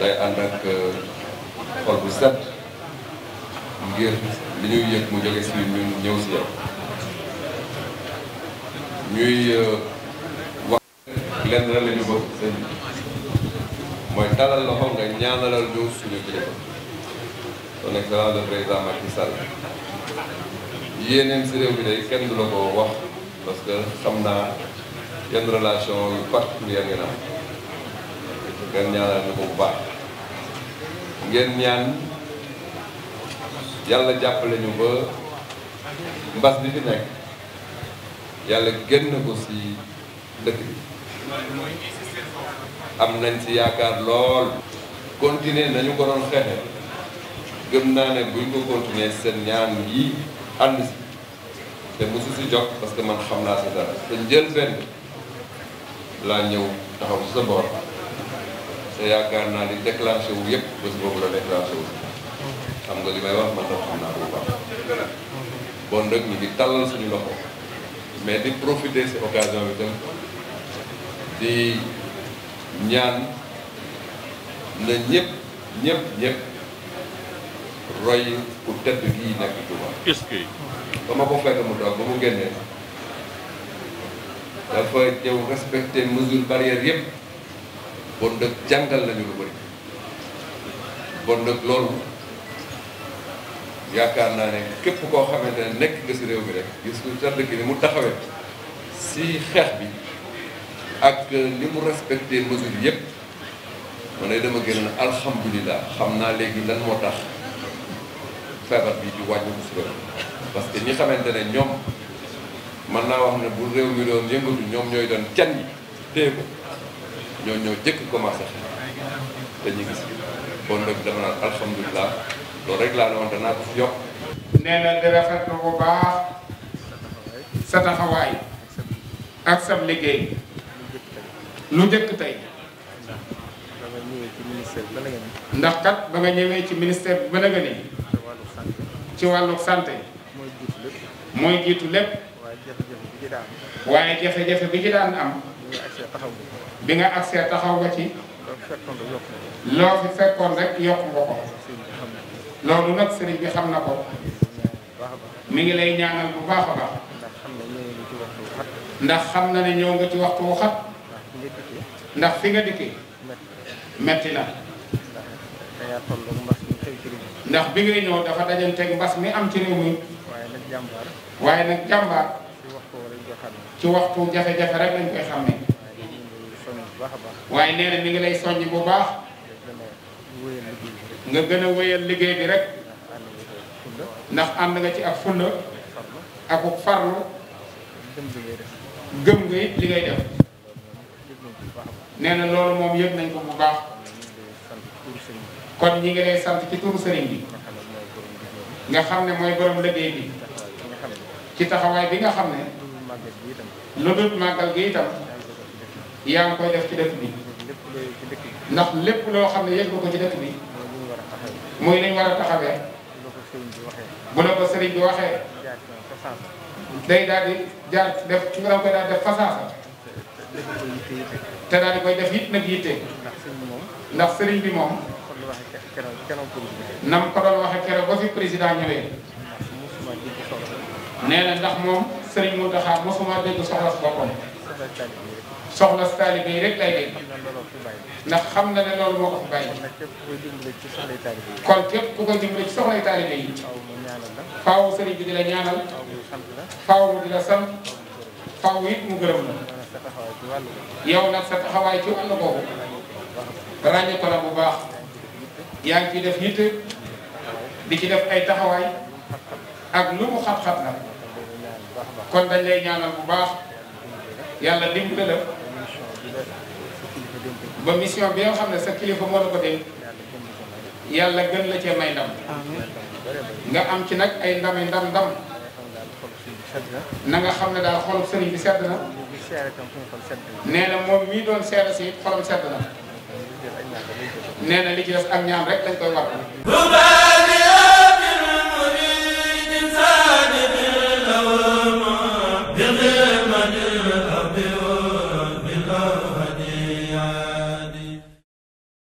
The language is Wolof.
day ànd ak euh, xol bu set ngir li ñuy yëg mu jóge si ñun ñëw si yow ñuy euh, wax lenn la ñu bëgg sëñ mooy talal loxo nga ñaanalal ñu suñu kilifa son excellence le président Macky Sall yéeneen si réew mi day kenn du la ko wax parce xam naa yenn relation yu particulière ngeen am ngeen ñaanal ñu ko bu baax ngeen ñaan yàlla jàppale ñu ba mbas bi fi nekk yàlla génn ko si dëkk bi am nañ si yaakaar lool continuer nañu ko doon xeexe gëm naa ne buñ ko continuer seen ñaan yi ànd si te mosu si jox parce que man xam naa si dara te njël benn laa ñëw taxaw ci sa boor te yaakaar naa li déclenché wu yëpp bés boobu la déclenché wu xam nga li may wax man tam xam naa bu baax bon nag ñu ngi tàllal suñu loxo mais di profiter si occasion bi tam di ñaan na ñëpp ñëpp ñëpp roy ku tedd gii nekk Touba. est-ce que. ba ma ko fekk mu toog ba mu génnee. dafa ñëw respecté mesures barrières yëpp bon nag jàngal nañu lu bëri bon nag loolu yaakaar naa ne képp koo xamante ne nekk nga si réew mi rek gis ku tedd ki ni mu taxawee si xeex bi ak li mu respecté mesures yëpp man ne dama dem a génn alhamdulilah xam naa léegi lan moo tax feebar bi di wàññi si réew parce que ñi xamante ne ñoom. man naa wax ne bu réew mi doon yëngatu ñoom ñooy doon can yi téye ko ñoo ñoo jëkk commencé dañuy gis kon nag dama naan alhamdulilah loolu rek laa doon danaa ko fi yokk. nee na di rafetlu bu baax sa taxawaay ak sa liggéey lu njëkk tey. ndax kat ba nga ñëwee ci ministère bi ba nga ni ci wàllu santé. mooy jiitu lépp. waaye jafe-jafe bi ci daan am bi nga agsee taxaw nga ci loo fi fekkoon rek yokk nga ko loolu nag sëriñ bi xam na ko mi ngi lay ñaanal bu baax a ndax xam na ne ñëw nga ci waxtu xat ndax fi nga dikki metti na ndax bi ngay dafa mi am ci réew mi waaye nag jàmbaar ci waxtu jafe-jafe rek lañ koy xàmmee waaye nee na mi ngi lay soññ bu baax nga gën a wéyal liggéey bi rek ndax ànd nga ci ak fulla ak farlu gëm nga it li ngay def nee na loolu moom yëg nañ ko bu baax kon ñi ngi lay sant ci turu sëriñ bi nga xam ne mooy borom liggéey bi ci taxawaay bi nga xam ne màggal gi itam. lu dul màggal gi itam. yaa ngi koy def ci dëkk bi. ndax lépp loo xam ne yëg nga ko ci dëkk bi. muy li ñu war a taxawee. bu la ko sëriñ bi waxee. day daal di jaar def ci nga koy daal def fasaasa. te daal di koy def it nag yitte. ndax sëriñ bi moom. nam ko doon waxee keroog ba fi président ñëwee. nee na ndax moom. سرين مودا خان مسوما دي سوخلا سبوكم سوخلا طالبي رك لاي دي نا خمنا نا لول موكو باي كول كيب كوكا ديمبل سي سوخلا طالبي فاو سرين بي دي لا نيانال فاو مو دي لا سام فاو ييت مو گرم نا ياو نا سات خواي تي والو بوبو راني تولا بو باخ يانكي ديف هيت دي كي ديف اي تخواي اك لومو خات خات نا kon dañ lay ñaanal bu baax yàlla dimbali la ba mission bi nga xam ne sa kilifa moo la ko dénk yàlla gën la cee may ndam nga am ci nag ay ndami ndam ndam na nga xam ne daal xolub sëriñ bi sedd na nee na moom mii doon seera si xolam sedd na nee na li ci des ak ñaan rek lañ koy war